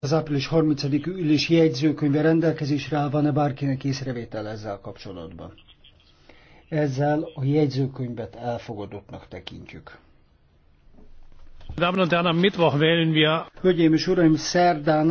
Az április 30 ülési jegyzőkönyve rendelkezésre áll, van-e bárkinek észrevétel ezzel kapcsolatban? Ezzel a jegyzőkönyvet elfogadottnak tekintjük. Hölgyeim és uraim, szerdán